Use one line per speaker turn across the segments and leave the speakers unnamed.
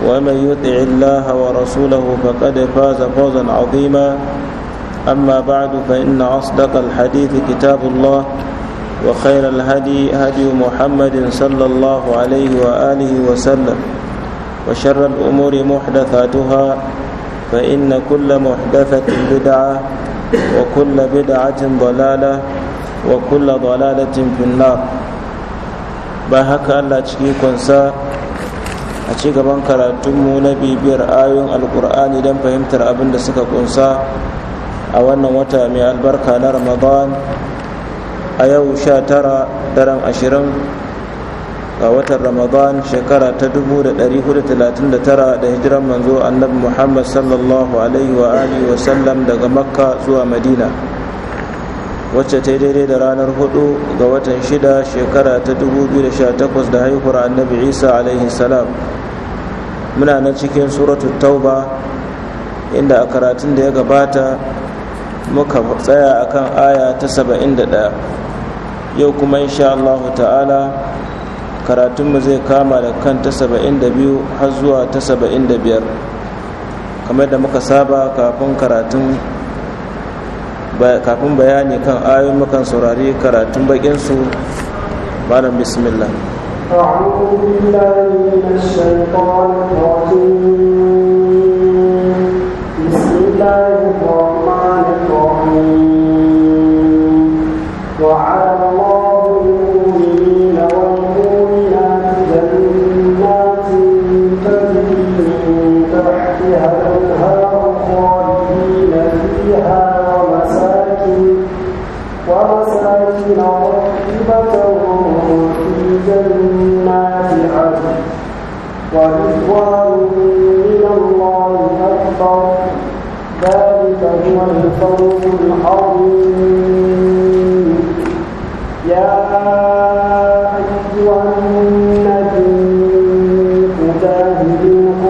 ومن يطع الله ورسوله فقد فاز فوزا عظيما أما بعد فإن أصدق الحديث كتاب الله وخير الهدي هدي محمد صلى الله عليه وآله وسلم وشر الأمور محدثاتها فإن كل محدثة بدعة وكل بدعة ضلالة وكل ضلالة في النار بهك الله تشكيكم ساء a ci gaban karatunmu na bibiyar ayoyin alkur'ani don fahimtar abin da suka kunsa a wannan wata mai albarka na ramadan a yau sha tara daren ashirin ga watan ramadan shekara ta 1439 da hijiran manzo annabi muhammad sallallahu alaihi wa alihi wa sallam daga makka zuwa madina wacce ta yi daidai da ranar hudu ga watan shida shekara ta 2018 da haihuwar annabi isa alaihi salam muna na cikin suratu tauba inda a karatun da ya gabata muka tsaya akan aya ta 71 yau kuma insha Allahu ta'ala karatunmu zai kama da kan ta 72 har zuwa ta 75 kamar da muka saba kafin karatun kafin bayani kan ayoyin makan saurari karatun bakinsu malam bismillah
أعوذ بالله من الشيطان الرجيم يحبون يا أيها النبي عليهم جهنم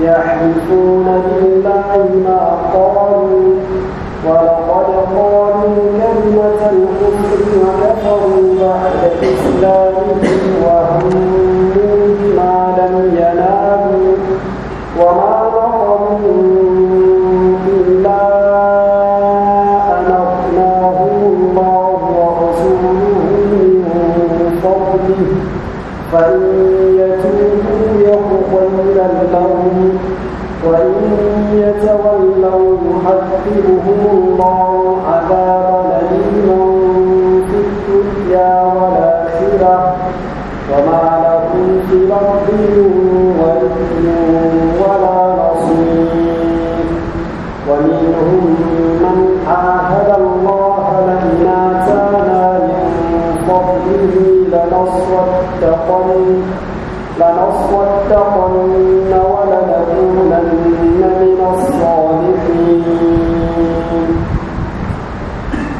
يحلفون بالله ما قالوا ولقد قالوا وكفروا بعد إسلامهم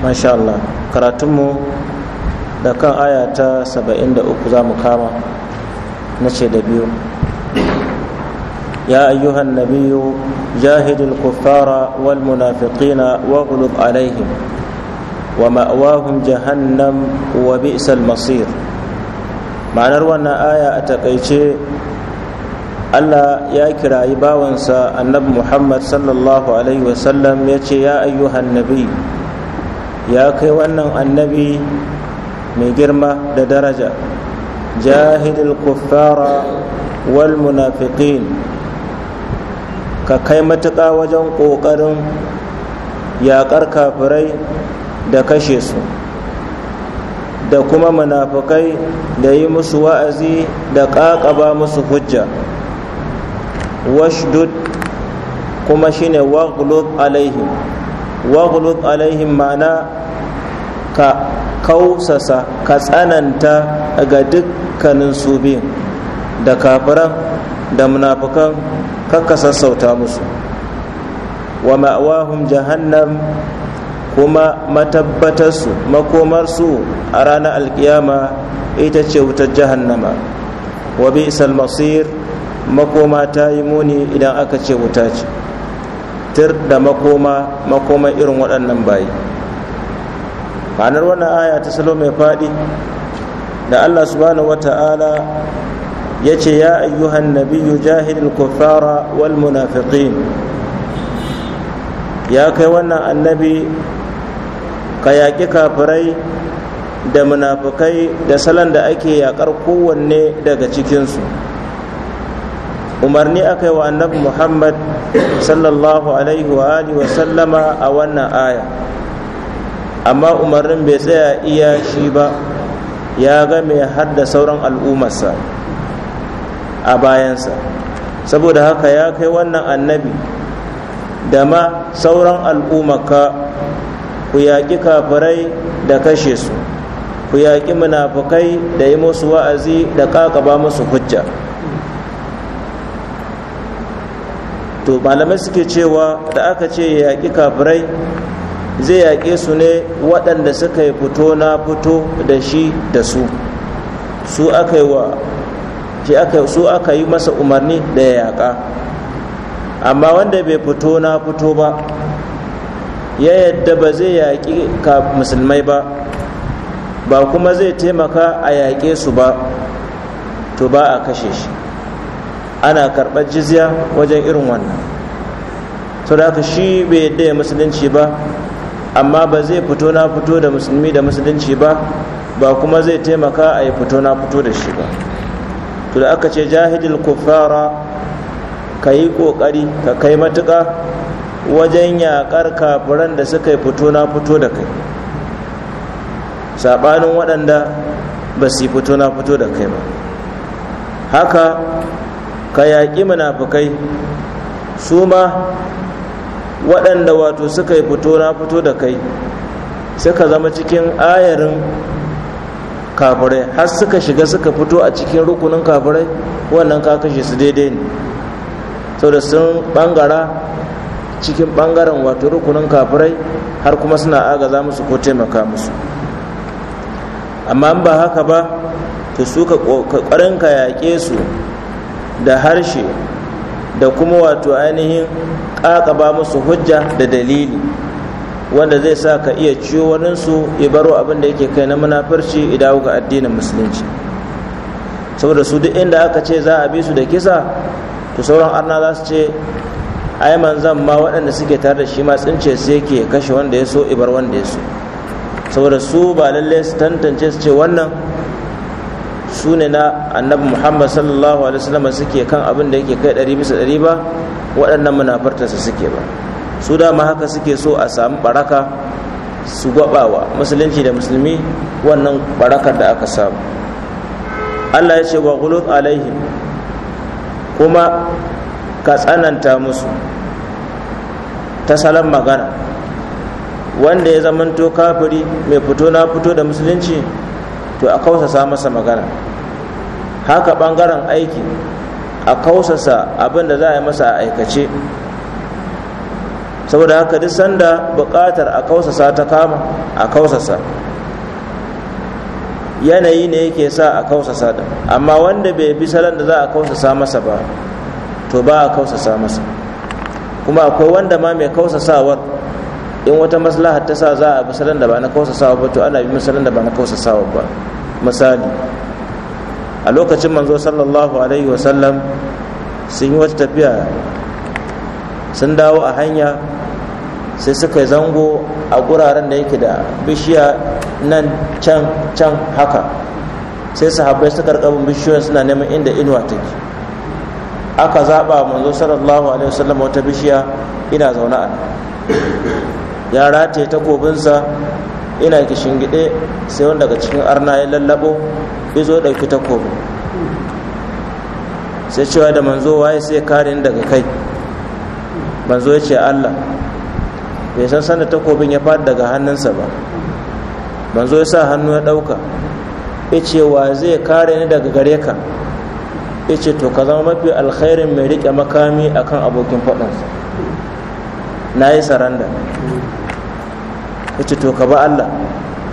masha Allah karatunmu da kan aya ta 73 za mu kama na ce da biyu ya ayyuhan يا أيها النبي جاهد الكفار والمنافقين واغلظ عليهم ومأواهم جهنم وبئس masir. ma'anar wannan aya a takaice Allah ya kirayi bawansa annabi Muhammad sallallahu alaihi wasallam ya ce ya ayyuhan nabi ya kai wannan annabi mai girma da daraja jahidul kuffara wal munafiqin ka kai matuƙa wajen ƙoƙarin yaƙar kafirai da kashe su da kuma munafukai da yi musu wa'azi da ƙaƙaba musu hujja washdud kuma shine waghlub alaihim waghlub alaihim mana ka kausasa ka tsananta ga dukkanin su biyun da kafiran da munafukan kakka sassauta musu wa ma'awahum jahannam kuma matabbatarsu makomarsu a ranar alkiyama ita ce wutar jahannama wa bi'sal masir makoma ta yi muni idan aka ce wuta ce tir da makoma makoma irin waɗannan bayi ma'anar wannan aya ta salo mai faɗi da allah subhanahu ta'ala ya ce ya ayyuhan nabiyyu jahilin kuffara wal munafiqin ya kai wannan annabi ka yaƙi kafirai da munafukai da salon da ake yaƙar kowanne daga cikinsu umarni aka yi wa annabi muhammad sallallahu alaihi wa alihi wa sallama a wannan aya amma umarnin bai tsaya iya shi ba ya game har da sauran al'ummarsa a bayansa saboda haka ya kai wannan annabi da ma sauran al'ummarka, ku yaƙi kafirai da kashe su ku yaƙi munafukai da yi musu wa'azi da ƙaƙaba musu hujja to malamai suke cewa da aka ce yaƙi kafirai zai yaƙe su ne waɗanda suka yi fito na fito da shi da su su aka yi wa su aka yi masa umarni da ya yaƙa amma wanda bai fito na fito ba ya yadda ba zai yaƙi musulmai ba ba kuma zai taimaka a yaƙe su ba to ba a kashe shi ana karɓar jizya wajen irin wannan sau da shi bai yadda ya musulunci ba amma ba zai fito na fito da musulmi da musulunci ba ba kuma zai taimaka a yi fito na fito da shi ba to da aka ce jahidil kufara ka yi ƙoƙari ka kai matuka wajen yaƙar kafiran da suka yi fito na fito da kai saɓanin waɗanda ba su yi fito na fito da kai ba haka ka yaƙi munafukai su ma waɗanda wato suka yi fito na fito da kai suka zama cikin ayarin kafirai har suka shiga suka fito a cikin rukunin kafirai wannan ka kashe su daidai ne da sun ɓangara cikin bangaren wato rukunin kafirai har kuma suna agaza musu ko taimaka musu amma ba haka ba to su ka ƙoƙarin ka yaƙe su da harshe da kuma wato ainihin ƙaƙaba musu hujja da dalili wanda zai sa ka iya ciyo waninsu ya baro abin da yake kai na munafurci dawo ga addinin musulunci saboda su duk inda aka ce za a bi su da kisa to sauran arna za su ce ai manzan ma waɗanda suke tare da shi ma tsince su yake kashe wanda ya so ibar wanda ya so saboda su ba lallai su tantance su ce wannan su ne na annabi muhammad sallallahu alaihi wasallam suke kan abin da yake kai ɗari bisa ɗari ba waɗannan munafartarsa suke ba su dama haka suke so a samu baraka su gwabawa musulunci da musulmi wannan barakar da aka samu allah ya ce wa gulub alaihim kuma ka tsananta musu ta salon magana wanda ya zamanto kafiri mai fito na fito da musulunci to a kausasa masa magana haka bangaren aiki a kausasa abin da za a yi masa a aikace saboda haka duk sanda buƙatar a kausasa ta kama a kausasa yanayi ne yake sa a kausasa da amma wanda bai bi salon da za a kausasa masa ba to ba a kausasa masa kuma akwai wanda ma mai kausasawar in wata maslaha ta sa za a bi salon da ba na kausasawa ba to ana bi salon da ba na kausasawa ba misali a lokacin manzo sallallahu alaihi wasallam sun yi wata tafiya sun dawo a hanya sai suka yi zango a guraren da yake da bishiya nan can can haka sai su sahabbai suka rikabin bishiyoyin suna neman inda inuwa take aka zaɓa manzo sallallahu alaihi wasallam wata bishiya ina zaune a ya rataye takobinsa ina gide sai wanda daga cikin arna ya lallabo ya zo ɗauki takobi sai cewa da manzo waye sai kare ni daga kai manzo ya ce allah bai san sanda takobin ya fada daga hannunsa ba manzo ya sa hannu ya ɗauka ya ce wa zai kare ni daga gare ka ya ce to ka zama mafi alkhairin mai riƙe makami akan abokin faɗinsa na yi saranda ya ce to ka ba allah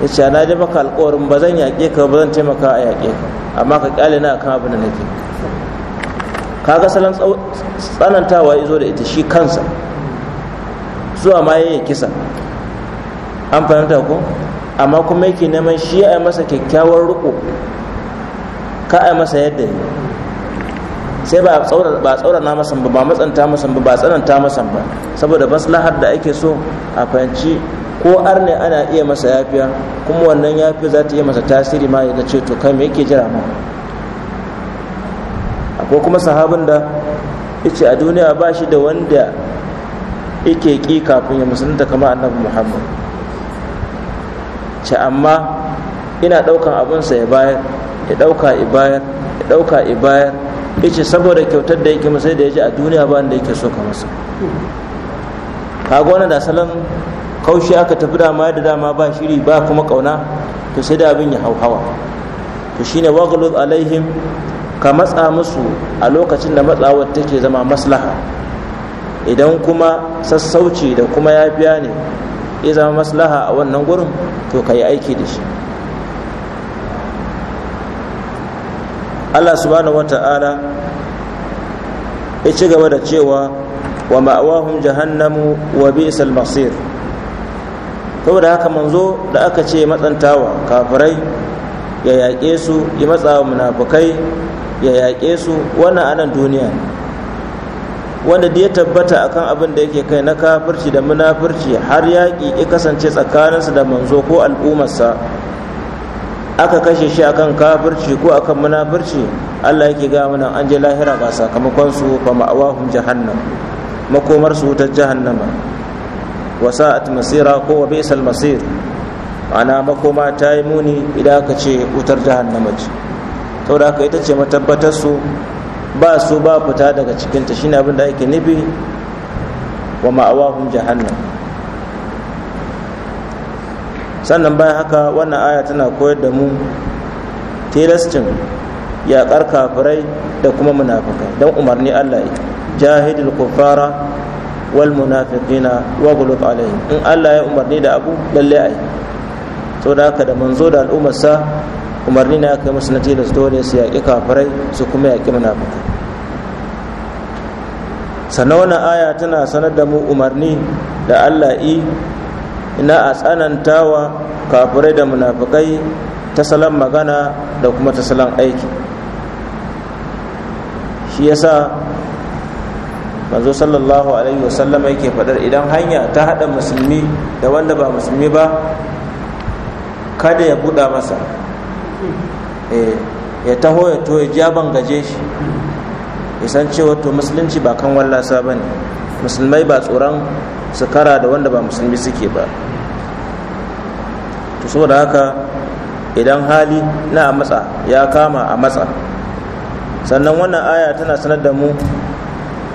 ya ce na ji maka alkawarin ba zan yaƙe ka ba zan taimaka a yaƙe ka amma ka ƙyale na kan abin da nake kaga salon tsanantawa ya zo da ita shi kansa zuwa ma ya kisa an fahimta ko amma kuma yake neman shi ya masa kyakkyawar riko ka a masa yadda ne sai ba a tsaurana masa ba ba matsanta masa ba ba tsananta masa ba saboda maslahar da ake so a fahimci ko arne ana iya masa yafiya kuma wannan yafi za ta iya masa tasiri ma ya ce to kai me yake jira ma akwai kuma sahabin da yace a duniya ba shi da wanda yake ki kafin ya musulunta kamar annabi muhammad ce amma ina ɗaukan abinsa ya bayar ya ɗauka ya bayar ya ɗauka ya bayar yace saboda kyautar da yake masa da ya a duniya ba wanda yake so ka masa kaga wannan da salon kaushi aka tafi da dama da dama ba shiri ba kuma kauna to sai da abin ya hauhawa to shine waghluz alaihim ka matsa musu a lokacin da matsawar take zama maslaha idan kuma sassauci da kuma yafiya ne ya zama maslaha a wannan gurin to ka yi aiki da shi allah subhanahu wa ta'ala ya ci gaba da cewa wa ma'awahum jahannamu wa bi'sal masir saboda haka manzo da aka ce matsantawa kafirai ya yaƙe su ya matsawa munafukai ya yaƙe su wannan anan duniya wanda da ya tabbata akan abin da yake kai na kafirci da munafirci har yaƙi ya kasance tsakaninsu da manzo ko al'ummarsa aka kashe shi akan kafirci ko akan munafirci Allah yake ga mana an je lahira ba sakamakon su fa ma'awahum jahannam makomar su wutar jahannama wa sa'at masira ko wa bi'sal masir ana makoma ta yi muni idan aka ce wutar jahannama ce da aka ita ce matabbatar su ba su ba fita daga cikin ta shine abin da ake nufi wa ma'awahum jahannam sannan bayan haka wannan aya tana koyar da mu tilastin yaƙar kafirai da kuma munafukai don umarni Allah jahidul kuffara wal munafiqina wa gulub alaihim in Allah ya umarni da abu lalle ai to da haka da manzo da al'ummar sa umarni na kai musu nati da su dole su yaƙi kafirai su kuma yaƙi munafiqai sannan wannan aya tana sanar da mu umarni da Allah yi ina a tsanantawa kafirai da munafiqai ta salon magana da kuma ta salon aiki shi yasa manzo sallallahu alaihi wasallama yake faɗar idan hanya ta haɗa musulmi da wanda ba musulmi ba kada ya buɗa masa eh, ya taho ya to ya ji ban gaje shi ya san cewa to musulunci ba kan wallasa ba ne musulmai ba tsoron su kara da wanda ba musulmi suke ba to saboda haka idan hali na a matsa ya kama a matsa sannan wannan aya tana sanar da mu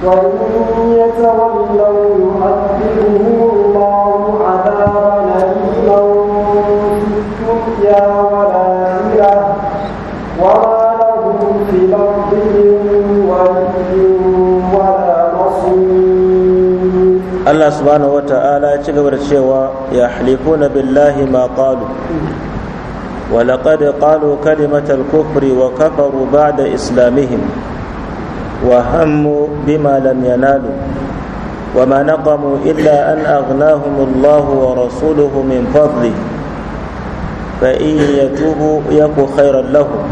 Allah subhanahu wa ta'ala ya ci gaba da cewa ya halifu na billahi ma qalu wa laqad qalu kalimatal kufri wa kafaru ba'da islamihim وهموا بما لم ينالوا وما نقموا إلا أن أغناهم الله ورسوله من فضله فإن يتوبوا يك خيرا لهم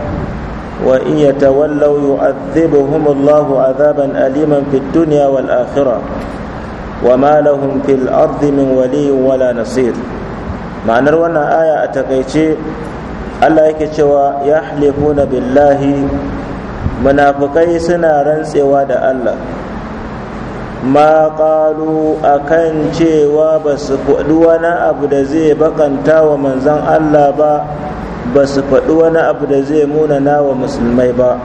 وإن يتولوا يعذبهم الله عذابا أليما في الدنيا والآخرة وما لهم في الأرض من ولي ولا نصير ma'anar wannan aya a takaice allah yake cewa ya halifuna billahi munafukai suna rantsewa da Allah ma ƙalu a kan cewa ba su faɗi wani abu da zai bakanta wa manzan Allah ba ba su faɗi wani abu da zai munana wa musulmai ba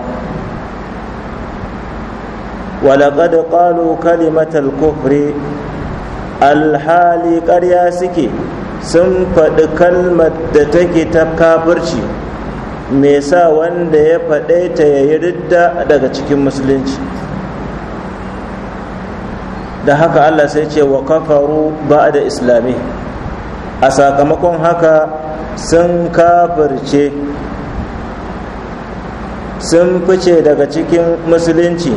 walaƙad ƙalu kalimatar kufri alhali ƙarya suke sun faɗi kalmar da take ta kafirci me sa wanda ya faɗe ta ya yi ridda daga cikin musulunci da haka allah sai ce wa kafaru ba da islami a sakamakon haka sun kafirce sun fice daga cikin musulunci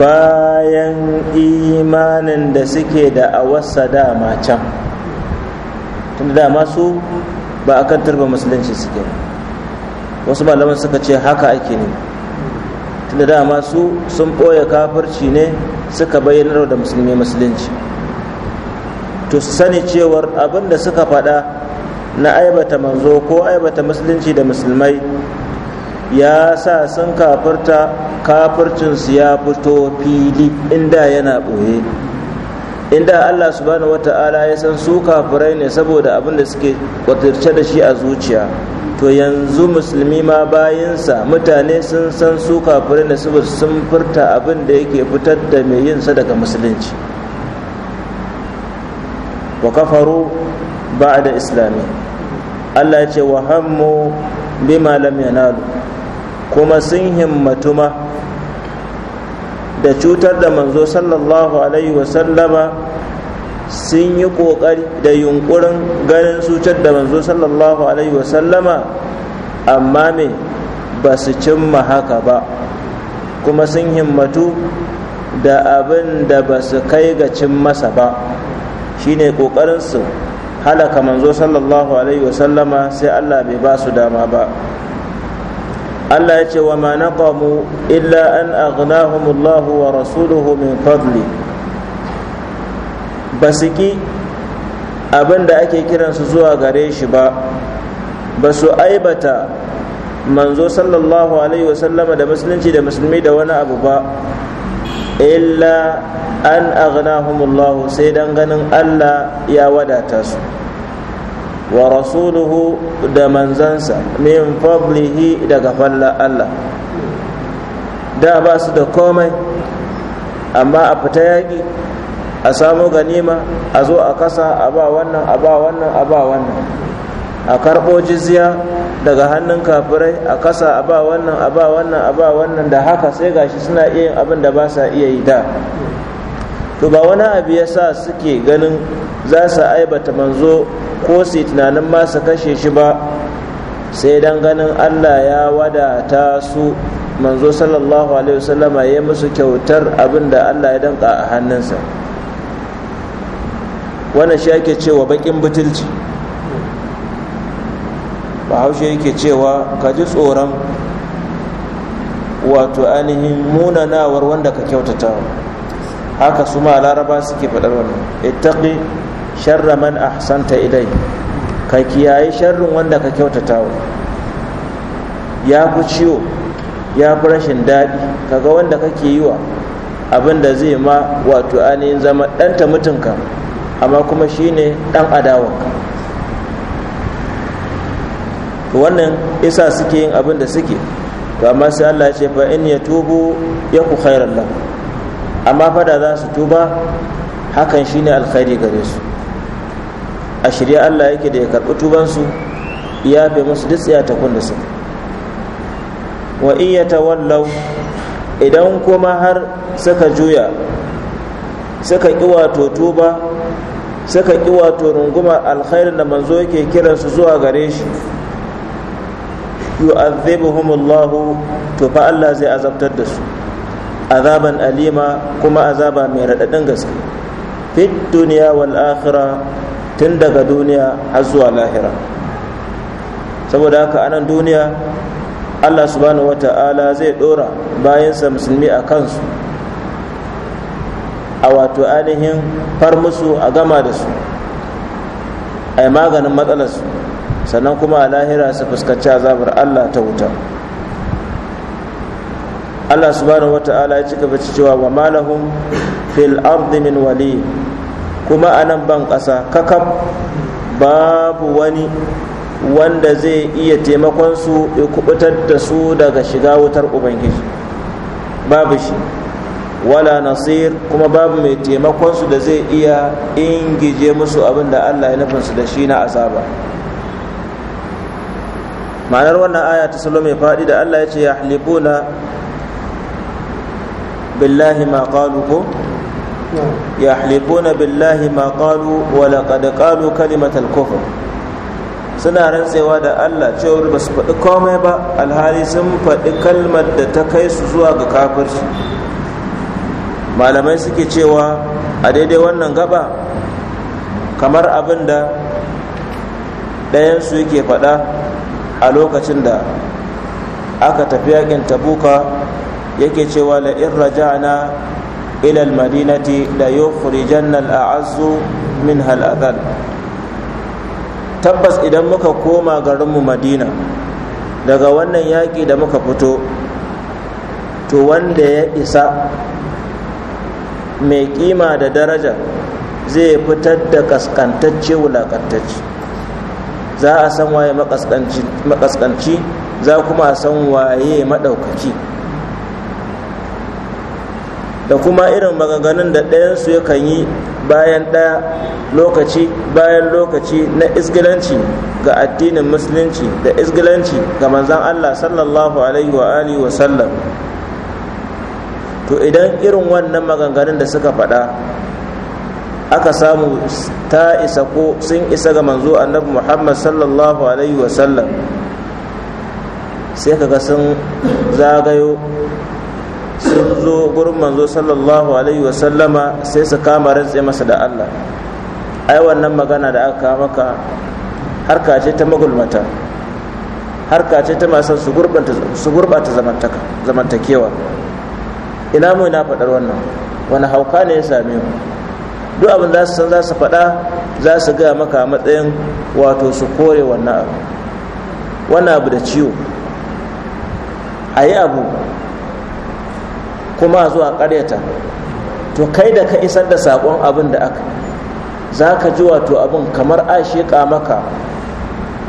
bayan imanin da suke da a wasa dama can tunda dama su ba a kan turba musulunci suke ba wasu malaman suka ce haka ake ne da dama su sun ɓoye kafirci ne suka bayyanar da musulmi musulunci to sani cewar abin da suka faɗa na aibata manzo ko aibata musulunci da musulmai ya sa sun kafirta kafircinsu ya fito fili inda yana ɓoye inda Allah subhanahu wata'ala ya san su kafirai ne saboda abin da suke kwatirce da shi a zuciya to yanzu musulmi ma bayansa mutane sun san su kafirai ne saboda sun furta abin da yake fitar da mai yinsa daga musulunci wa kafaru ba'da islami Allah ya ce wa hammu bima lam yanalu kuma sun himmatu ma da cutar da manzo sallallahu alaihi wasallama sun yi ƙoƙari da yunƙurin ganin cutar da manzo sallallahu alaihi wasallama amma me ba su cimma haka ba kuma sun himmatu da abin da ba su kai ga cin masa ba shine ƙoƙarin su halaka manzo sallallahu alaihi wasallama sai allah bai ba su dama ba allah ya ce wa ma naqamu illa an aghnahumullahu wa rasuluhu min fadli ba su ki abin da ake kiransu zuwa gare shi ba ba su aibata manzo sallallahu alaihi wasallama da musulunci da musulmi da wani abu ba illa an aghnahumullahu sai dan ganin Allah ya wadata su wa rasuluhu da manzansa min fablihi daga falla Allah da ba su da komai amma a fita yaƙi a samu ganima a zo a kasa a ba wannan a ba wannan a ba wannan a karɓo jizya daga hannun kafirai a kasa a ba wannan a ba wannan a ba wannan da haka sai gashi suna iya yin abin da ba sa iya yi da to ba wani abu ya sa suke ganin za su aibata manzo ko su tunanin ma su kashe shi ba sai dan ganin allah ya wadata su manzo sallallahu alaihi wasallama ya musu kyautar abin da allah ya danka a hannunsa wannan shi yake cewa bakin butulci bahaushe yake cewa ka ji tsoron wato ainihin munanawar wanda ka kyautata haka su ma laraba suke faɗar wannan ittaqi sharra man ahsanta ilai ka kiyaye sharrin wanda ka kyautata ya ku ciwo ya fi rashin daɗi kaga wanda kake yi wa abin da zai ma wato ainihin zama ɗanta mutunka amma kuma shine ɗan adawa. wannan isa suke yin abin da suke to amma sai Allah ya ce fa in ya ya ku khairan lahu amma fa da za su tuba hakan shine alkhairi gare su a shirya Allah yake da ya karɓi tubansu ya fi musu duk ta kunda su wa in yatawallau idan kuma har suka juya suka ki wato tuba suka ƙi wato rungumar alkhairin da manzo yake kiransu zuwa gare shi yu'adhibuhumullahu to fa Allah zai azabtar da su azaban alima kuma azaba mai raɗaɗin gaske fit duniya wal akhira tun daga duniya har zuwa lahira saboda haka anan duniya Allah subhanahu wata'ala zai ɗora bayansa musulmi a kansu a wato ainihin far musu a gama da su a yi maganin matsalarsu sannan kuma a lahira su fuskanci azabar allah ta wuta allah subhanahu ya ci gaba cewa wa malahum fil ardi wali kuma a nan ban ƙasa kakaf babu wani wanda zai iya taimakon su ya kubutar da su daga shiga wutar ubangiji babu shi wala nasir kuma babu mai taimakonsu da zai iya ingije musu abin da allah ya nufinsu da shi na azaba ma'anar wannan aya ta salo mai faɗi da allah ya ce ya halibuna billahi ma qalu ko ya halibuna billahi ma kalimatal kufr suna rantsewa da Allah cewar ba su faɗi komai ba alhali sun faɗi kalmar da ta kai su zuwa ga kafirci malamai suke cewa a daidai wannan gaba kamar abin da ɗayansu yake faɗa a lokacin da aka tafi yakin tabuka yake cewa la'in ilal ila da la a al'azzu min azal tabbas idan muka koma garinmu madina daga wannan yaƙi da muka fito to wanda ya isa mai kima da daraja zai fitar da kaskantacce wulakantacce za a san waye makaskanci za kuma a san waye maɗaukaki da kuma irin maganganun da ɗayansu yakan yi bayan ɗaya lokaci bayan lokaci na isgilanci ga addinin musulunci da isgilanci ga manzan allah sallallahu alaihi wa wa sallam to idan irin wannan maganganun da suka faɗa aka samu ta isa ko sun isa ga manzo annabi muhammad sallallahu alaihi wasallam sai kaga sun zagayo sun zo gurin manzo sallallahu alaihi wasallama sai su kama rantse masa da allah ai wannan magana da aka maka harka ce ta magulmata harka ce ta masu su gurbata zamantakewa ina mu na faɗar wannan wani hauka ne ya same mu duk abin za su san za su faɗa za su gaya maka matsayin wato su kore wannan abu wannan abu da ciwo a yi abu kuma zuwa ƙaryata to kai da ka isar da saƙon abin da aka za ka ji wato abin kamar a sheƙa maka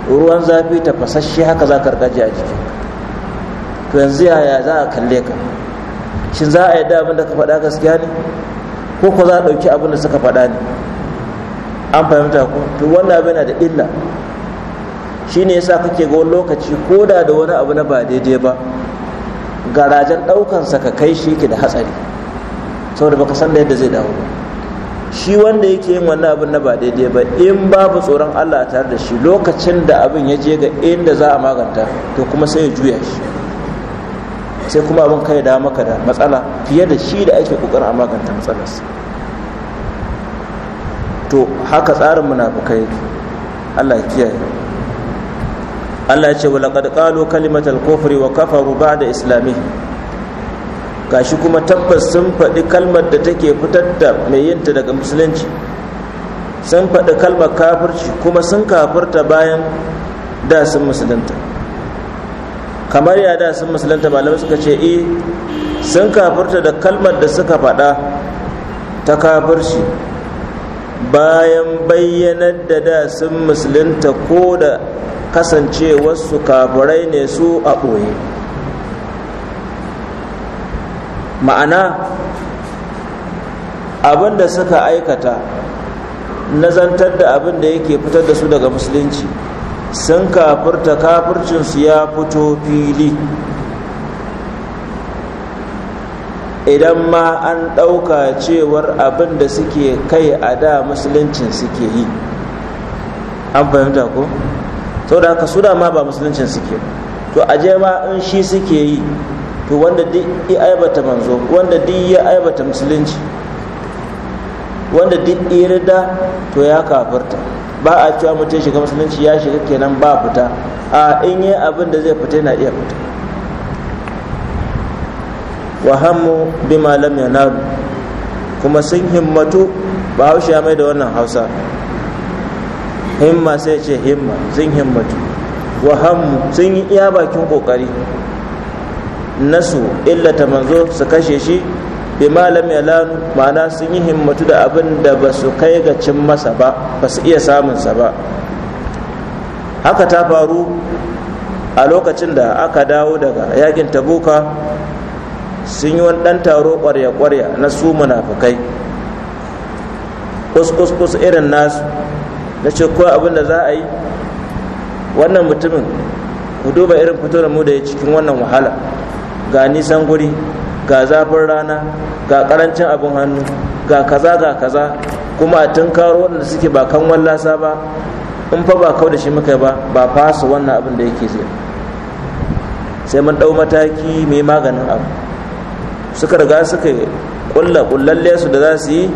ruwan zafi tafasasshe haka za ka a jiki to yanzu yaya za a kalle ka shin za a yadda abin da ka faɗa gaskiya ne ko ko za a ɗauki abin da suka faɗa ne an fahimta ku to wannan abin da illa Shi shine yasa kake ga wani lokaci ko da da wani abu na ba daidai ba garajen ɗaukansa ka kai shi ke da hatsari saboda baka san da yadda zai dawo ba shi wanda yake yin wani abin na ba daidai ba in babu tsoron Allah tare da shi lokacin da abin ya je ga inda za a maganta to kuma sai ya juya shi sai kuma abin kai da maka da matsala fiye da shi da ake kokarin a maganta matsalarsa to haka tsarin munafukai Allah kiyaye Allah ya ce wa laqad qalu kalimatal kufr wa kafaru ba'da islamih gashi kuma tabbas sun faɗi kalmar da take fitar da mai yinta daga musulunci sun faɗi kalmar kafirci kuma sun kafirta bayan da sun musulunta kamar ya da sun musulunta malamai suka ce eh sun kafirta da kalmar da suka faɗa ta kafirci bayan bayyanar da da sun musulunta ko da kasancewarsu kafirai ne su a ɓoye ma'ana abin da suka aikata nazantar da abin da yake fitar da su daga musulunci sun kafirta kafircinsu ya fito fili idan ma an ɗauka cewar abin da suke kai a da musuluncin suke yi an fahimta ko sau da haka su ma ba musuluncin suke to a ma in shi suke yi to wanda duk ya aibata manzo wanda duk ya aibata musulunci wanda duk irida to ya kafirta ba a cewa mutum shiga musulunci ya shiga kenan ba fita a in yi abin da zai fita yana iya fita wa hannu bi malam ya naru kuma sun himmatu ba haushe mai da wannan hausa himma sai ce himma sun himmatu wa hannu sun yi iya bakin kokari nasu illata manzo su kashe shi bi malam ya lanu ma'ana sun yi himmatu da abin da ba su kai ga cin masa ba ba su iya samunsa ba haka ta faru a lokacin da aka dawo daga yakin tabuka sun yi wani ɗan taro ƙwarya-ƙwarya na su munafukai kus-kus irin nasu na ce ko abin da za a yi wannan mutumin ku duba irin fito da mu da ya cikin wannan wahala ga nisan guri ga zafin rana ga karancin abin hannu ga kaza ga kaza kuma a tun karo waɗanda suke ba kan wallasa ba in fa ba kau da shi muka ba ba fasa wannan abin da yake zai sai mun ɗau mataki mai maganin abu suka riga suka kulla kullalle su da za su yi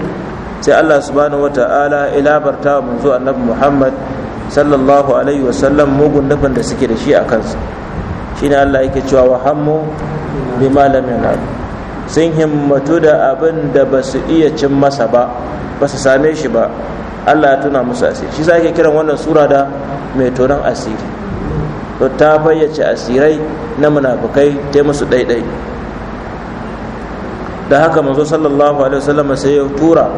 sai Allah subhanahu wata'ala ilabarta wa manzo annabi Muhammad sallallahu alaihi wa sallam, mugun nufin da suke da shi a kansu shine Allah yake cewa wa hammu bi malamin Allah sun himmatu da abin da ba su iya cin masa ba ba su same shi ba allah ya tuna musu asiri shi sa ake kiran wannan sura da mai tonon asiri to ta bayyace asirai na munafukai ta musu ɗaiɗai da haka manzo sallallahu alaihi wasallam sai ya tura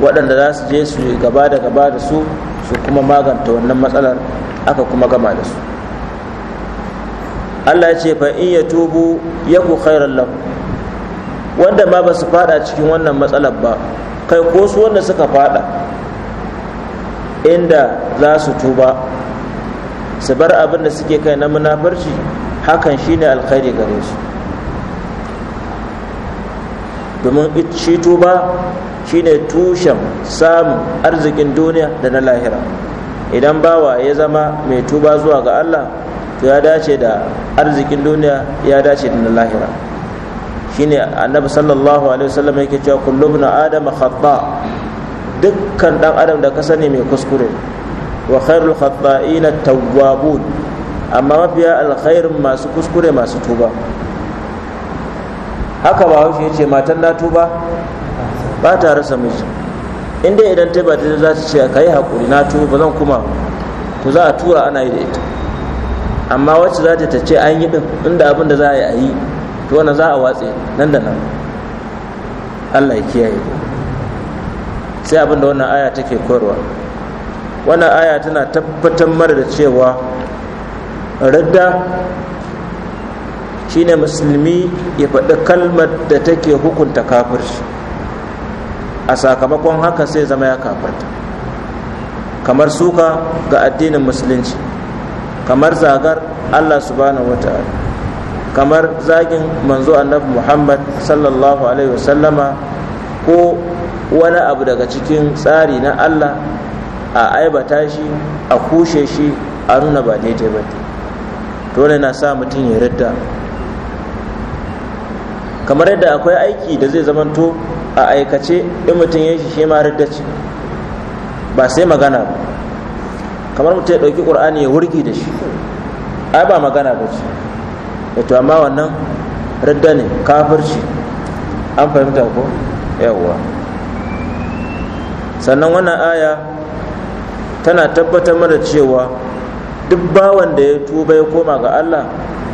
waɗanda za su je su gaba da gaba da su su kuma maganta wannan matsalar aka kuma gama da su Allah ya ce fa in ya tubu yaku khairan lahu wanda ma ba su fada cikin wannan matsalar ba kai ko su wanda suka fada inda za su tuba su bar abin da suke kai na munafarci hakan shine alkhairi gare su domin shi tuba shine tushen samun arzikin duniya da na lahira idan bawa ya zama mai tuba zuwa ga Allah to ya dace da arzikin duniya ya dace da na lahira shine annabi sallallahu alaihi wasallam yake cewa kullu ibn adam khata dukkan dan adam da ka sani mai kuskure wa khairul khata'in at-tawwabun amma mafiya alkhair masu kuskure masu tuba haka ba wuce yace matan na tuba ba ta rasa miji inda idan ta ba ta za ta ce kai hakuri na tuba zan kuma to za a tura ana yi da ita amma wacce za ta ce an yi din inda abin da za a yi a yi to wannan za a watse nan da nan Allah ya kiyaye sai abinda da wannan aya take koyarwa wannan aya tana tabbatar mara da cewa radda shine musulmi ya faɗi kalmar da take hukunta kafirci a sakamakon haka sai zama ya kafarta kamar suka ga addinin musulunci kamar zagar allah subhanahu wa ta'ala kamar zagin manzo annabi muhammad sallallahu alaihi wasallama ko wani abu daga cikin tsari na allah a aibata shi a kushe shi a nuna ba daidai ba dole na sa mutum ya ridda kamar yadda akwai aiki da zai zamanto a aikace in mutum ya shi ma ridda ce ba sai magana ba kamar mutum ya ɗauki ƙur'ani ya wurgi da shi ai ba magana ba ce wato amma wannan radda ne kafirci an fahimta ko yawwa sannan wannan aya tana tabbatar mana cewa duk bawan da ya tuba ya koma ga Allah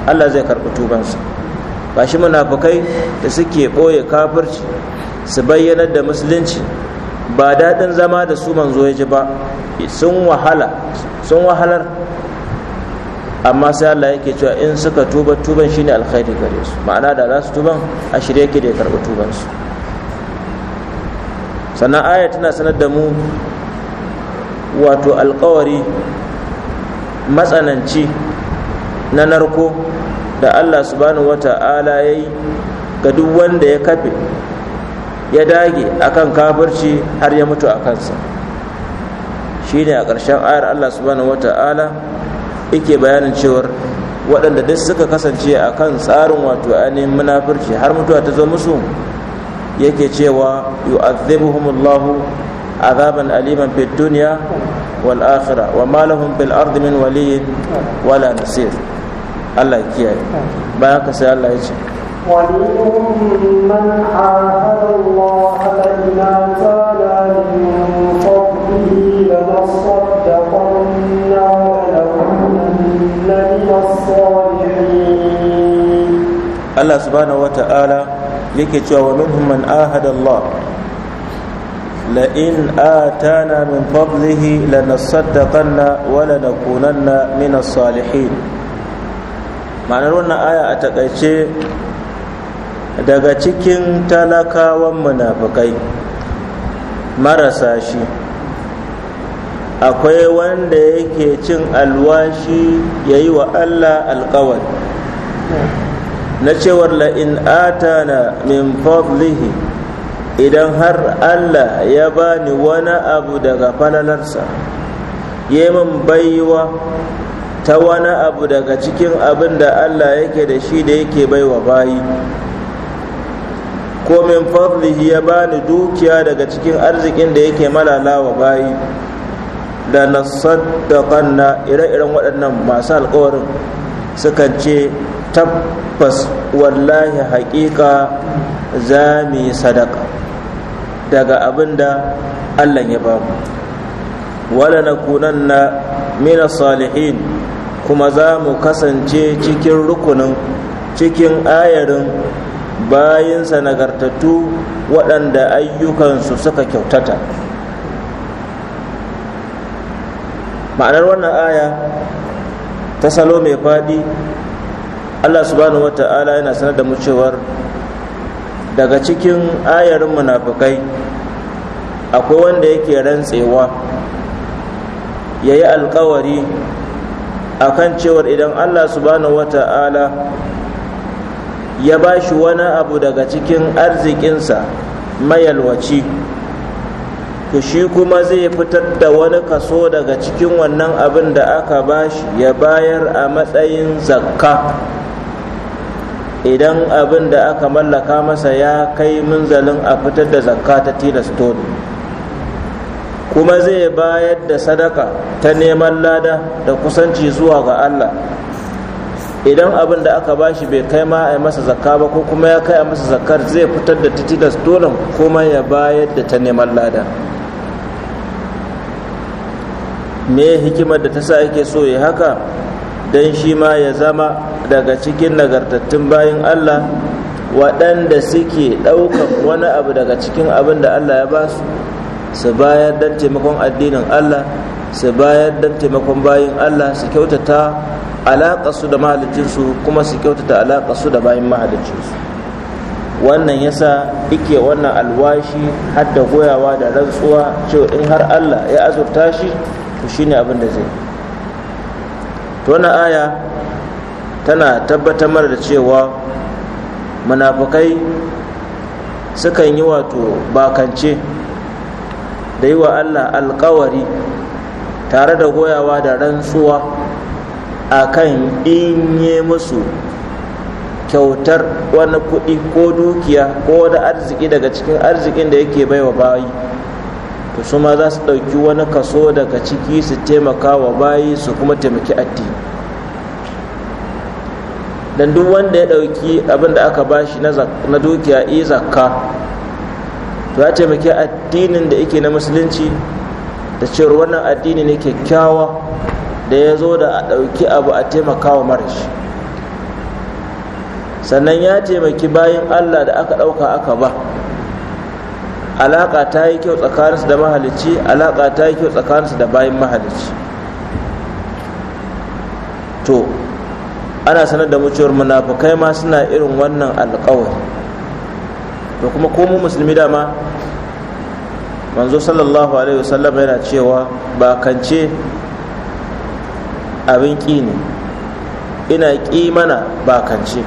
Allah zai karɓi tubansa ba shi munafukai da suke ɓoye kafirci su bayyana da musulunci ba daɗin zama da su manzo ya ji ba sun wahala sun wahalar amma sai Allah yake cewa in suka tuba tuban shine alkhairi gare su ma'ana da za su tuban a shirye yake da ya karɓi tuban su sannan aya tana sanar da mu wato alkawari matsananci na narko da Allah subhanahu wata'ala ya yi ga duk wanda ya kafe ya dage akan kafirci har ya mutu a kansa shine a ƙarshen ayar Allah subhanahu wata'ala yake bayanin cewar waɗanda duk suka kasance a kan tsarin wato ainihin munafurci har mutuwa ta zo musu yake cewa yu'adhibuhumullahu azaban aliman fid dunya wal akhirah wa ma lahum bil ardi min waliyyin wala nasir Allah ya kiyaye bayan ka sai Allah ya ce
ومنهم من عاهد الله فإذا كان
Allah subhanahu ta'ala yake cewa wa minhum man ahada Allah la in atana min fadlihi lanasaddaqanna wa lanakunanna min as-salihin ma'anar wannan aya a takaice daga cikin talakawan munafikai marasa shi akwai wanda yake cin alwashi yayi wa Allah alkawari na cewar la'in atana min fadlihi idan har Allah ya bani wani abu daga falalarsa min baiwa ta wani abu daga cikin abin da Allah yake da shi da yake baiwa bayi ko min fadlihi ya bani dukiya daga cikin arzikin da yake malalawa bayi da na ire-iren waɗannan masu alkawarin sukan ce tabbas wallahi haƙiƙa za mu yi sadaka daga abin da allah ya bamu wala na kunanna mina salihin kuma za mu kasance cikin rukunin cikin ayarin bayinsa nagartattu waɗanda ayyukansu suka kyautata ma'anar wannan aya ta salo mai faɗi Allah subhanahu ta'ala yana sanar da mu cewar daga cikin ayarin munafukai akwai wanda yake rantsewa ya yi alkawari a kan cewar idan allah subhanahu ta'ala ya ba shi wani abu daga cikin arzikinsa mayalwaci to shi kuma zai fitar da wani kaso daga cikin wannan abin da aka bashi ya bayar a matsayin zakka idan abin da aka mallaka masa ya kai munzalin a fitar da zakka ta tilas kuma zai bayar da sadaka ta neman lada da kusanci zuwa ga Allah idan abin da aka bashi bai kai ma a masa zakka ba ko kuma ya kai a masa zakkar zai fitar da tilas dole kuma ya bayar da ta neman lada me hikimar da ta sa ake so ya haka don shi ma ya zama daga cikin nagartattun bayan Allah waɗanda suke ɗaukar wani abu daga cikin abin da Allah ya ba su su bayar don taimakon addinin Allah su bayar don taimakon bayan Allah su kyautata alaƙarsu da mahalicinsu kuma su kyautata alaƙarsu da bayan mahalicinsu wannan yasa ike wannan alwashi har da goyawa da rantsuwa cewa in har Allah ya azurta shi to shine abin da zai to wannan aya tana tabbatar mana da cewa munafukai sukan yi wato bakance da yi wa allah alkawari tare da goyawa da rantsuwa a kan inye musu kyautar wani kuɗi ko dukiya ko wani arziki daga cikin arzikin da yake baiwa bayi to su ma za su ɗauki wani kaso daga ciki su taimaka wa bayi su kuma taimaki addini dan duk wanda ya ɗauki abin da aka bashi na dukiya i zakka to ya taimaki addinin da yake na musulunci da cewar wannan addini ne kyakkyawa da ya zo da a ɗauki abu a taimaka wa marashi sannan ya taimaki bayan allah da aka ɗauka aka ba alaƙa ta yi kyau tsakaninsu da mahalicci alaƙa ta yi kyau tsakaninsu da bayan mahalicci to ana sanar da mutuwar munafukai ma suna irin wannan alƙawari to kuma mu musulmi dama manzo sallallahu alaihi wasallam yana cewa ba kance abin ƙi ne ina ƙi mana ba kance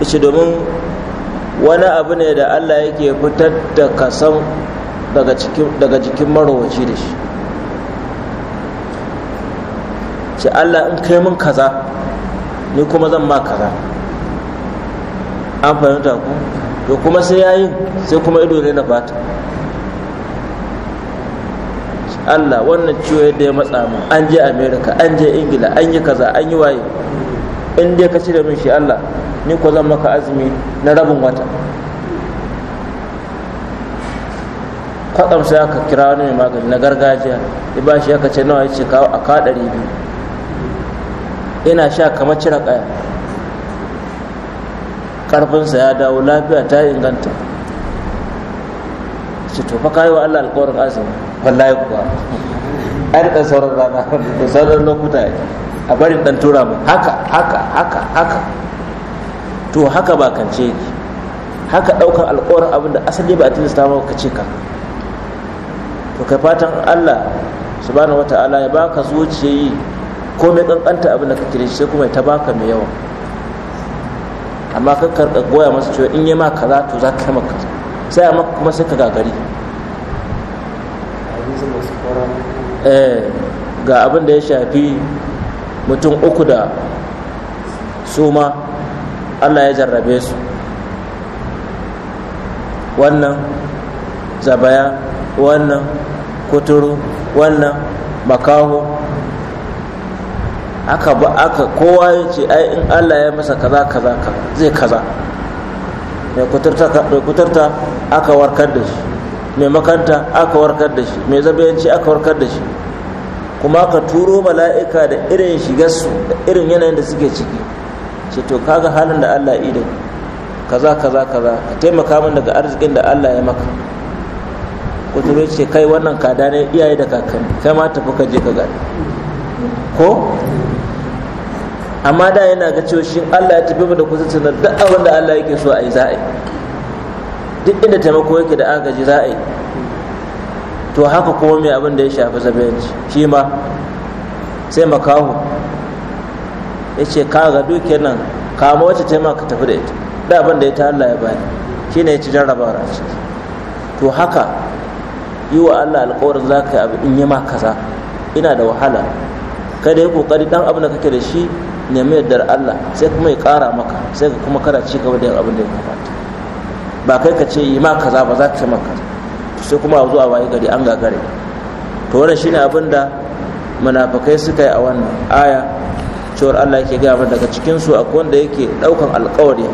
ice domin wani abu ne da Allah yake fitar da kasan daga jikin marowaci da shi ce Allah in kai min kaza ni kuma zan ma kaza an fahimta ku to kuma sai yayi sai kuma ido ne na fata Allah wannan ciwo yadda ya matsa mu an je Amerika an je Ingila an yi kaza an yi waye in dai ka cire min shi Allah ni ko zan maka azumi na rabin wata kwaɗam sai aka kira wani mai magani na gargajiya ya ba shi ya kace nawa ya ce kawo a ka ɗari biyu ina sha kamar cire ƙaya ƙarfinsa ya dawo lafiya ta inganta ce to fa kayi wa Allah alƙawarin azumi wallahi kuwa ai da sauran rana da sauran lokuta a bari dan tura mu haka haka haka haka to haka ba kance yake haka daukar alƙawarin abin da asali ba a tilasta maka ka ce ka to kai fatan Allah subhanahu wata'ala ya baka yi ko mai kankanta abin da ka kire shi sai kuma ya ta baka mai yawa amma ka karka goya masa cewa in yi ma kaza to za ka maka sai a maka kuma sai ka gagari eh, ga abin da ya shafi mutum uku da suma Allah ya jarrabe su wannan zabaya wannan kuturu wannan makaho aka ba aka kowa ya ce ai in Allah ya masa kaza kaza zai kaza mai kuturta aka warkar da shi mai makanta aka warkar da shi mai zabayanci aka warkar da shi kuma aka turo mala'ika da irin shigarsu da irin yanayin da suke ciki ce to kaga halin da Allah ya da kaza kaza kaza ka taimaka min daga arzikin da Allah ya maka kuturo ce kai wannan kada ne iyaye da kakanni kai ma tafi ka je ka gani ko amma da yana ga cewa shi Allah ya tafi mu da kusa da duk abin da Allah yake so a yi za a yi duk inda taimako yake da agaji za a yi to haka kuma mai abin da ya shafi zabiyanci shi ma sai makaho ya ce ka ga duke nan kama wacce ta ka tafi da ita da abin da ya ta Allah ya bani shi ne ya ci jarraba a ciki to haka yi wa Allah alkawarin za ka yi abu in yi ma kaza ina da wahala kada ya kokari dan abin da kake da shi nemi yardar Allah sai kuma ya kara maka sai ka kuma kana ci gaba da yin abin da ya kamata ba kai ka ce yi ma kaza ba za ka yi ma kaza sai kuma a zuwa waye gari an gagare to wannan shine abin da munafikai suka yi a wannan aya cewar Allah yake gaya daga cikinsu akwai wanda yake ɗaukan alkawari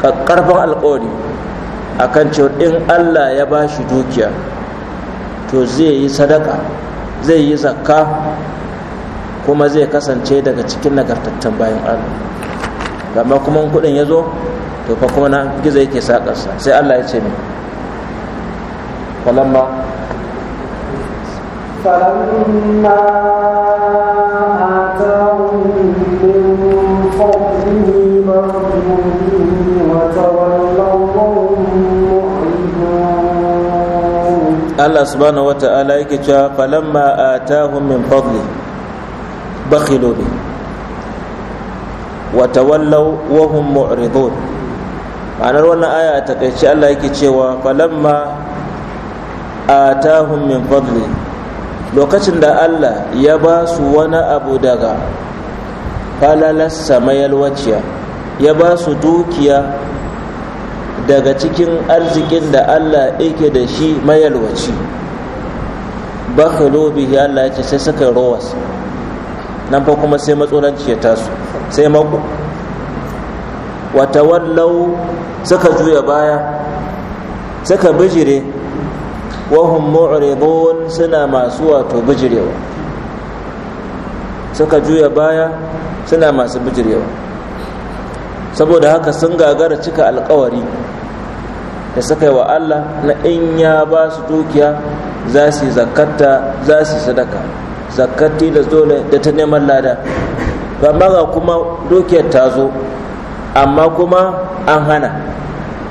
ƙarfin alkawari akan cewar in Allah ya ba shi dukiya to zai yi sadaka zai yi zakka kuma zai kasance daga cikin nagartattun bayan Allah amma kuma kuɗin ya zo to fa kuma na gizo yake sakarsa sai Allah ya ce ne. falamma
كفرتم به وتولوا
Allah subhanahu wa ta'ala yake cewa a atahum min fadli bakhilu bi wa tawallaw wa hum mu'ridun ma'anar wannan aya a takaice Allah yake cewa falamma atahum min fadli lokacin da Allah ya ba su wani abu daga falalar samayal wajiya. ya ba su dukiya daga cikin arzikin da Allah yake da shi mayalwaci bakhilu bihi Allah ya ce sai suka rowas nan fa kuma sai matsalanci ya taso sai mako wata wallau suka juya baya suka bijire wahum mu'ridun suna masu wato bijirewa suka juya baya suna masu bijirewa saboda haka sun gagara cika alkawari da suka yi wa Allah na in ya ba su dukiya za su yi zakatta za su yi sadaka zakatti da dole da ta neman lada amma ga kuma dukiyar ta zo amma kuma an hana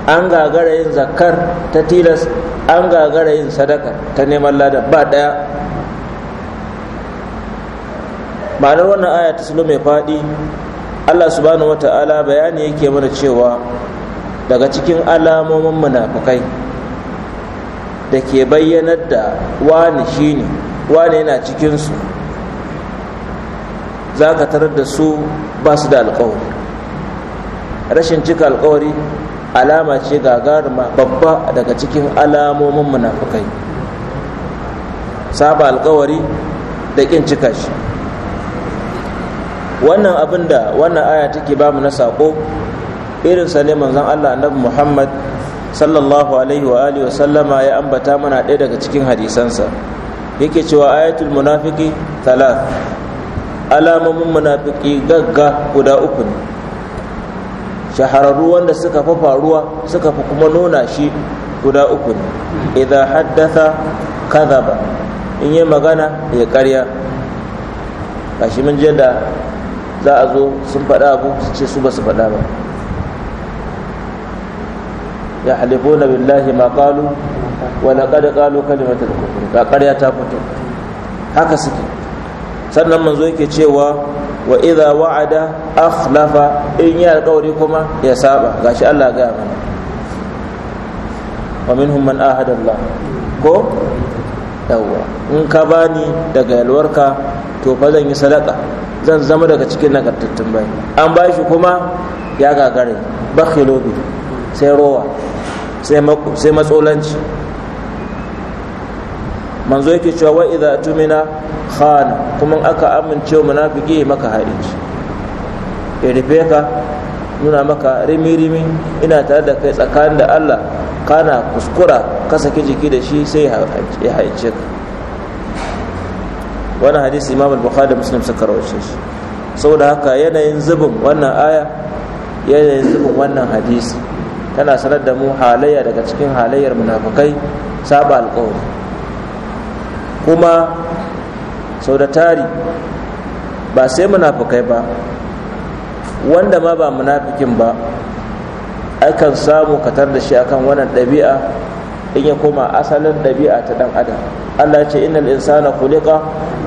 an gagara yin zakar ta tilas an gagara yin sadaka ta neman lada ba daya ma'anar wannan aya ta mai faɗi Allah subhanahu wata'ala bayani yake mana cewa daga cikin alamomin munafukai da ke bayyanar da wani shine wani yana cikinsu za ka tarar da su ba su da alkawari rashin cika alkawari alama ce gagarima babba daga cikin alamomin munafukai saba alkawari da ƙin cika shi wannan abin da wannan aya take ba mu na sako irinsa ne manzon Allah annabi Muhammad sallallahu alaihi wa alihi wa sallama ya ambata mana ɗaya daga cikin hadisansa yake cewa ayatul munafiki talas alamomin munafiki gagga guda uku ne shahararru wanda suka fi faruwa suka fi kuma nuna shi guda uku ne idza haddatha kadhaba in yi magana ya karya gashi mun je da za a zo sun faɗa abu su ce su ba su faɗa ba ya na billahi ma wani wa laqad kalimata da kufr ga ƙarya ta fito haka suke sannan manzo yake cewa wa idha wa'ada akhlafa in ya alƙawari kuma ya saba gashi Allah ga mana wa minhum man ahada Allah ko yawwa in ka bani daga yalwarka to fa zan yi sadaka zan zama daga cikin nagartattun bai an ba shi kuma ya gagare ba sai rowa sai matsolanci manzo yake cewa wa idza tumina khana kuma aka amince wa munafiki maka haici ya rufe ka nuna maka rimi rimi ina tare da kai tsakanin da Allah kana kuskura ka saki jiki da shi sai ya haice ka wannan hadisi imam al-bukhari da muslim suka rawace shi saboda haka yanayin zubin wannan aya yanayin zubin wannan hadisi tana sanar da mu halayya daga cikin halayyar munafukai saba alƙawari kuma sau da tari ba sai munafukai ba wanda ma ba munafikin ba akan samu katar da shi akan wannan ɗabi'a in ya koma asalin ɗabi'a ta ɗan adam allah ya ce innal insana khuliqa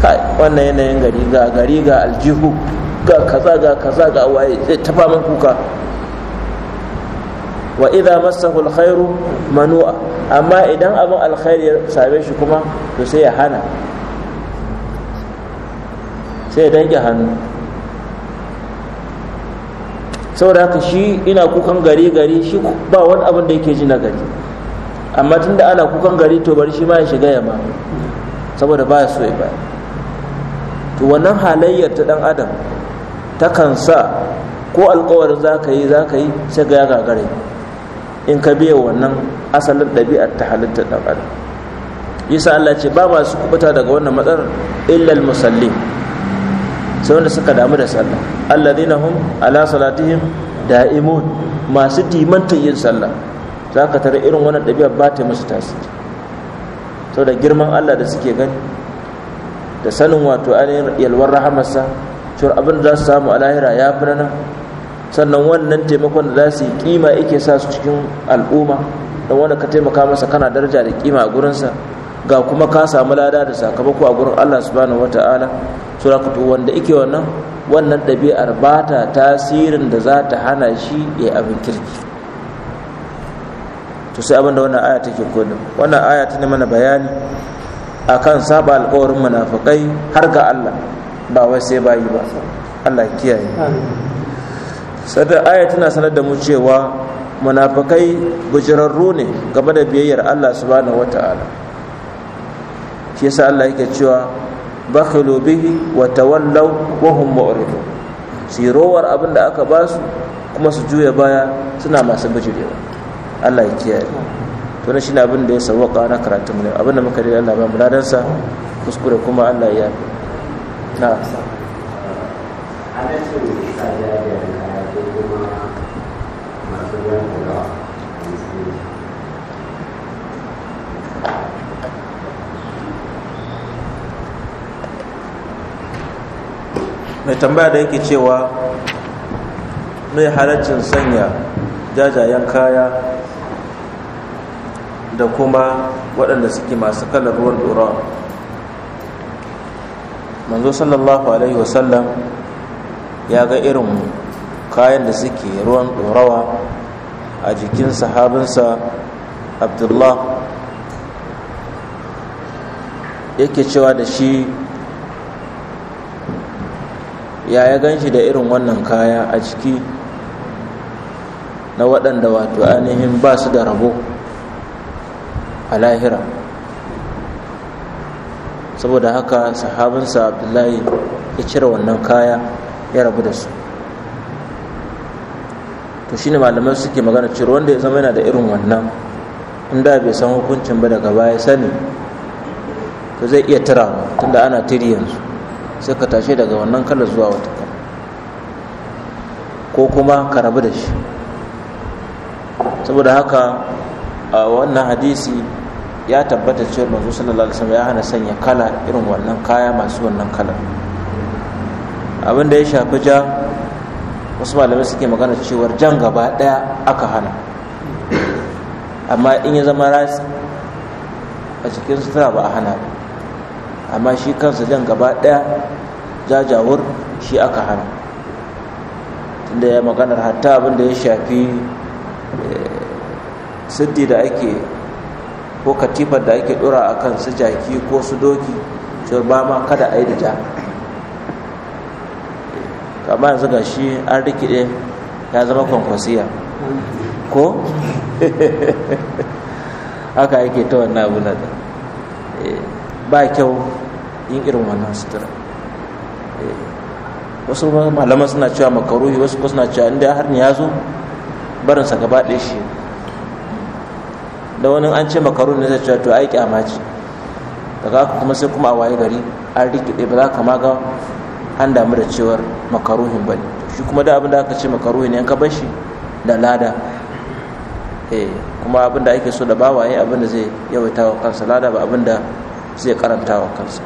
kai wannan yanayin gari ga gari ga aljihu ga kaza ga kaza ga waye zai tafa min kuka wa idza massahu alkhairu manu'a amma idan abin alkhairi ya same shi kuma to sai ya hana sai ya danke hannu saboda haka shi ina kukan gari gari shi ba wani abin da yake ji na gari amma tunda ana kukan gari to bari shi ma ya shiga yamma saboda ba ya so ya baya to wannan halayyar ta dan adam takan sa ko alkawarin za ka yi za ka yi sai ga gagare in ka biya wannan asalin ɗabi'a ta halittar dan adam yasa Allah ce ba masu kubuta daga wannan matsalar illal musalli. sai wanda suka damu da sallah alladhina hum ala salatihim da'imun masu dimanta yin sallah za ka tara irin wannan ɗabi'a ba ta musu tasiri saboda girman Allah da suke gani da sanin wato ainihin yalwar rahamarsa cewar abin da za su samu a lahira ya fi nana sannan wannan taimakon da za su yi kima yake sa su cikin al'umma don wanda ka taimaka masa kana daraja da kima a gurinsa ga kuma ka samu lada da sakamako a gurin Allah subhanahu wata'ala sura kutu wanda ike wannan wannan ɗabi'ar ba ta tasirin da za ta hana shi ya abin kirki to sai abin da wannan aya take koda wannan aya ta ne mana bayani akan saba alƙawarin munafukai har ga Allah ba wai sai bayi ba Allah kiyaye sadda aya tana sanar da mu cewa munafukai bujirarru ne game da biyayyar Allah subhanahu wata'ala shi yasa Allah yake cewa bakhilu bihi wa tawallaw wa hum mu'ridu su rowar abin da aka basu kuma su juya baya suna masu bijirewa Allah ya kiyaye to na ne abin da ya sauwaka na karatun mu abin da muka Allah ba muradan kuskure kuma Allah ya na mai tambaya da yake cewa mai halaccin sanya jajayen kaya da kuma waɗanda suke masu kalar ruwan ɗorawa manzo sallallahu alaihi wasallam ya ga irin kayan da suke ruwan ɗorawa a jikin sahabinsa abdullah yake cewa da shi ya ya gan da irin wannan kaya a ciki na waɗanda wato ainihin ba su da rabo a lahira saboda haka sahabinsa abdullahi ya cire wannan kaya ya rabu da su to shine malamai suke magana cire wanda ya zama yana da irin wannan inda bai san hukuncin ba daga baya sani to zai iya tirawa tunda ana tiri yanzu sai ka tashe daga wannan kalar zuwa wata kala ko kuma ka rabu da shi saboda haka a wannan hadisi ya tabbata cewa manzo sallallahu alaihi wasallam ya hana sanya kala irin wannan kaya masu wannan kala abin da ya shafi ja wasu malamai suke magana cewar jan gaba daya aka hana amma in ya zama ratsi a cikin sutura ba a hana ba amma shi kansa jan gaba daya jajawur shi aka hana tunda ya magana hatta abin da ya shafi eh, siddi da ake ko katifar da ake dora kan su jaki ko su doki to ba ma kada a yi da ja kama yanzu ga shi an rikide ya zama kwankwasiya ko haka yake ta wannan abu na eh, ba kyau yin irin wannan sutura eh, wasu malaman suna cewa makaruhi wasu suna cewa inda har ne ya zo barinsa gaba ɗaya shi da wani an ce makarun ne zai cewa to a kyama ce daga haka kuma sai kuma a waye gari an rikide ba za ka ma ga an damu da cewar makaruhin ba shi kuma da abin da aka ce makaruhin ne ka bar shi da lada eh, kuma abin da ake so da yi abin da zai yawaita wa kansa lada ba abin da zai karanta wa kansa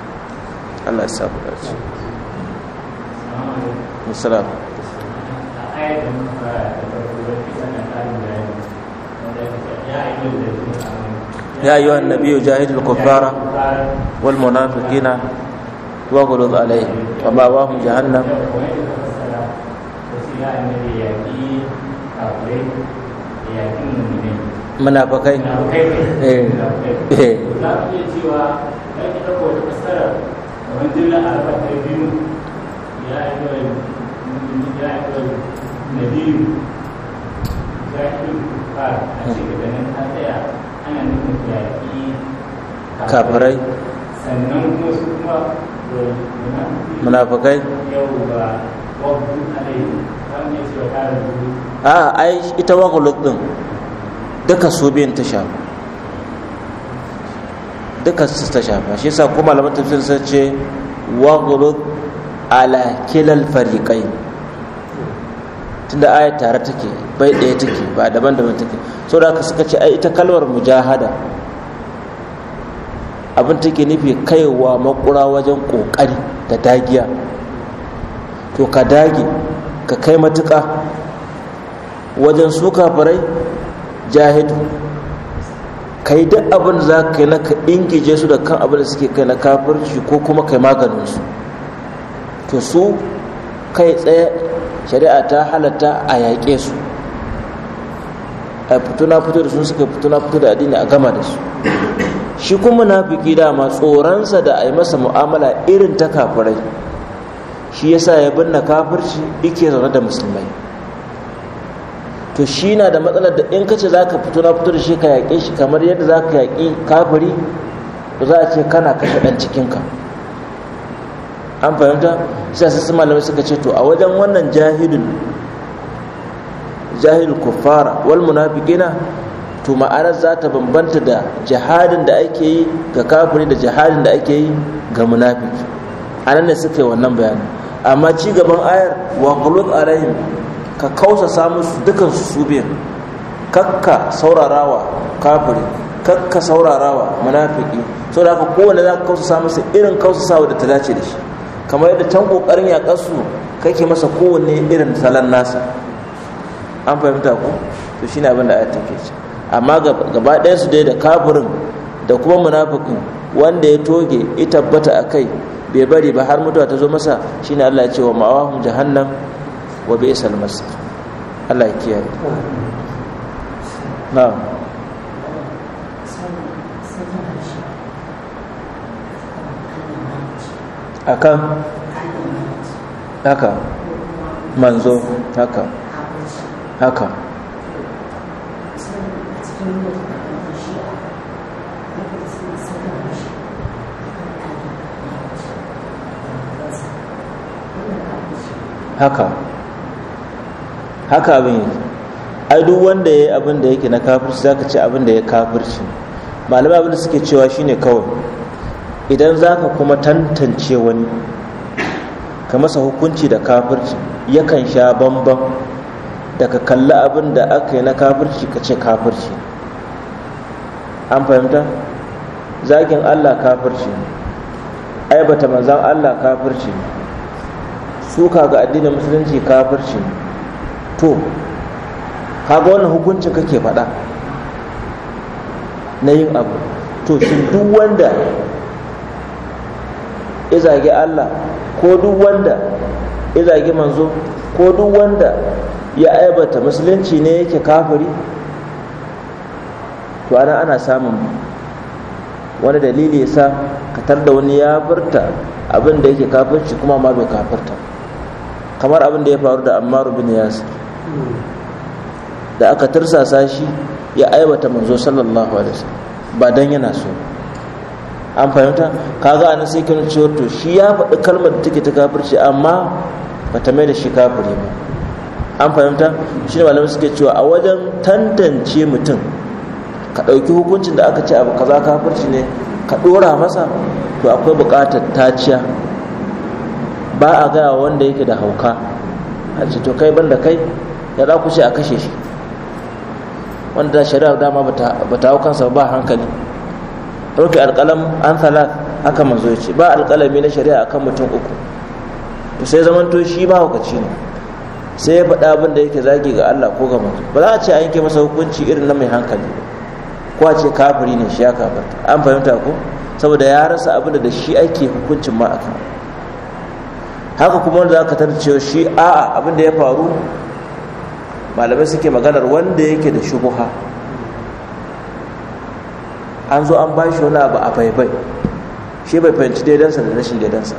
Allah ya sabu ku dace
يا أيها النبي جاهد الكفار
والمنافقين واغلظ عليهم ومأواهم جهنم munafakai eh eh
cewa biyu ya ya kafirai sannan kuma su kuma eh, munafukai
a ai ita waguluk din duka su biyan ta shafa duka su ta shafa shi yasa kuma malaman tafsir sun ce waguluk ala kilal fariƙai tunda ayat tare take bai ɗaya take ba daban-daban take so da suka ce ai ita kalmar mujahada abin take nufi kaiwa makura wajen ƙoƙari da dagiya to ka dage ka kai matuƙa wajen su kafirai jahidu ka yi duk abin da za ka yi na ka ingije su da kan abin da suke kai na kafirci ko kuma kai maganinsu to su kai tsaye shari'a ta halatta a yaƙe su a fito na fito da su suka fito na fito da addini a gama da su shi kuma munafiki dama tsoronsa da a yi masa mu'amala irin ta kafirai shi yasa ya binne kafirci ike zaune da musulmai to shi na da matsalar da in ka ce za ka fito na fito da shi ka yaƙe shi kamar yadda za ka yaƙi kafiri to za a ce kana kashe ɗan cikinka an fahimta sai su malamai suka ce to a wajen wannan jahilin jahilul kuffara wal munafiqina to ma'anar za ta bambanta da jihadin da ake yi ga kafiri da jihadin da ake yi ga munafiki nan ne suka yi wannan bayani amma ci gaban ayar wa qulud alaihim ka kausa samu dukan su biyan kakka saurarawa kafiri kakka saurarawa munafiki saboda haka kowane za ka kausa samu irin kausa sawa da ta dace da shi kamar yadda can kokarin ya kasu kake masa kowanne irin salon nasa an fahimta ku to shine abin da ayat ke ce amma gaba ɗayan su dai da kafirin da kuma munafikin wanda ya toge ya tabbata a kai bai bari ba har mutuwa ta zo masa shine Allah ya ce wa ma'awahum jahannam wa bi'sal masir Allah ya kiyaye na'am akan haka manzo haka haka haka haka abin ai duk wanda ya yi abin da yake na kafirci zaka ce abin da ya kafirci malamai abin da suke cewa shine kawai idan za ka kuma tantance wani ka masa hukunci da kafirci yakan sha bambam da ka kalli abin da aka yi na kafirci ka ce kafirci an fahimta zagin allah kafirci aibata manzan allah kafirci suka ga addinin musulunci kafirci to kaga wannan hukuncin kake faɗa na yin abu to shi duk wanda izage Allah ko duk wanda izage manzo ko duk wanda ya aibata musulunci ne yake kafiri to ana ana samun wani dalili yasa sa katar da wani ya furta abin da yake kafirci kuma ma bai kafirta kamar abin da ya faru da Ammar bin yasir da aka tursasa shi ya aibata manzo sallallahu alaihi wasallam ba dan yana so an fahimta kaga anan sai kan cewa to shi ya faɗi kalmar da take ta kafirci amma bata mai da shi kafiri ba an fahimta shi ne malamai suke cewa a wajen tantance mutum ka ɗauki hukuncin da aka ce abu kaza kafirci ne ka ɗora masa to akwai buƙatar taciya ba a gaya wanda yake da hauka a ce to kai banda kai ya za ku ce a kashe shi wanda shari'a dama bata hau kansa ba hankali rufe alƙalam an salat haka manzo ba alƙalami na shari'a akan mutum uku to sai zamanto shi mahaukaci ne sai ya faɗa abin da yake zagi ga Allah ko ga manzo ba za a ce an yanke masa hukunci irin na mai hankali ko a ce kafiri ne shi ya kafarta an fahimta ko saboda ya rasa abin da shi ake hukuncin ma akan haka kuma wanda zaka tar cewa shi a'a abin da ya faru malamai suke maganar wanda yake da shubuha an zo an ba shi wani abu a faifai shi bai fahimci daidansa da rashin daidansa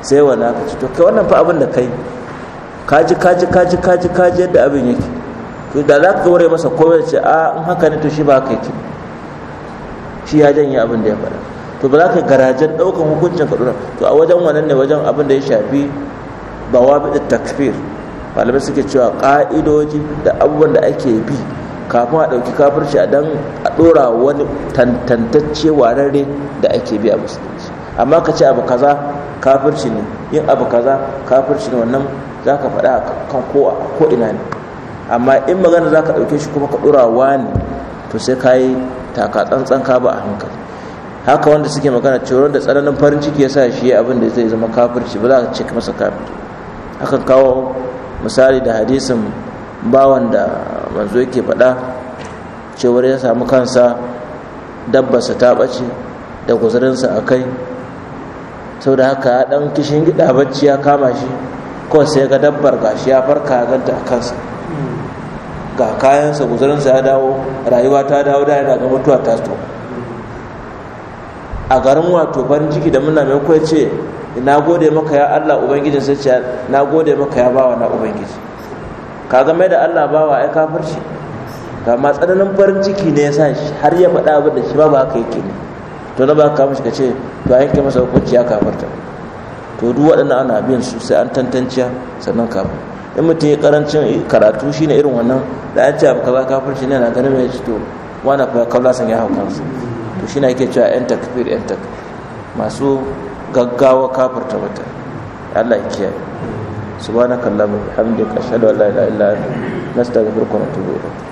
sai wani aka ci to kai wannan fa abin da kai kaji kaji kaji kaji kaji yadda abin yake to da za ka ware masa komai ce a in haka ne to shi ba ka yake shi ya janye abin da ya faɗa to ba za ka garajen ɗaukan hukuncin ka ɗora to a wajen wannan ne wajen abin da ya shafi bi da takfir malamai suke cewa ƙa'idoji da abubuwan da ake bi kafin a ɗauki kafirci a dan a ɗora wani tantance wararre da ake biya musulunci amma ka ce abu kaza kafirci ne yin abu kaza kafirci ne wannan za ka faɗa kan ko ina ne amma in magana za ka ɗauke shi kuma ka ɗora wani to sai ka yi taka tsantsan ka ba a hankali haka wanda suke magana cewa da tsananin farin ciki ya sa shi abin da zai zama kafirci ba za ka ce masa kafirci akan kawo misali da hadisin bawan da manzo yake faɗa cewa ya samu kansa dabbarsa ta ɓace da guzurinsa a kai sau da haka ya ɗan kishin gida bacci ya kama shi kawai sai ga dabbar gashi ya farka ya ganta a kansa ga kayansa guzurinsa ya dawo rayuwa ta dawo da yana ga mutuwa ta to a garin wato farin ciki da muna mai ce na gode maka ya allah ubangiji sai ce na gode maka ya bawa na ubangiji ka game da Allah bawa ai kafirci ga ma tsananin farin ciki ne ya sa shi har ya faɗa abin da shi ba ba ka yake ne to na ba ka mishi ka ce to a yanke masa hukunci ya kafarta to duk waɗannan ana biyan su sai an tantanciya sannan kafin in mutum ya karancin karatu shine irin wannan da an ce abu kaza kafirci ne na ganin mai to wani fa kalla san ya hauka su to shine ake cewa yan takfir yan tak masu gaggawa kafirta wata Allah ya kiyaye subhanakallahumma wa bihamdika ashhadu an la ilaha illa anta nastaghfiruka wa natubu ilayk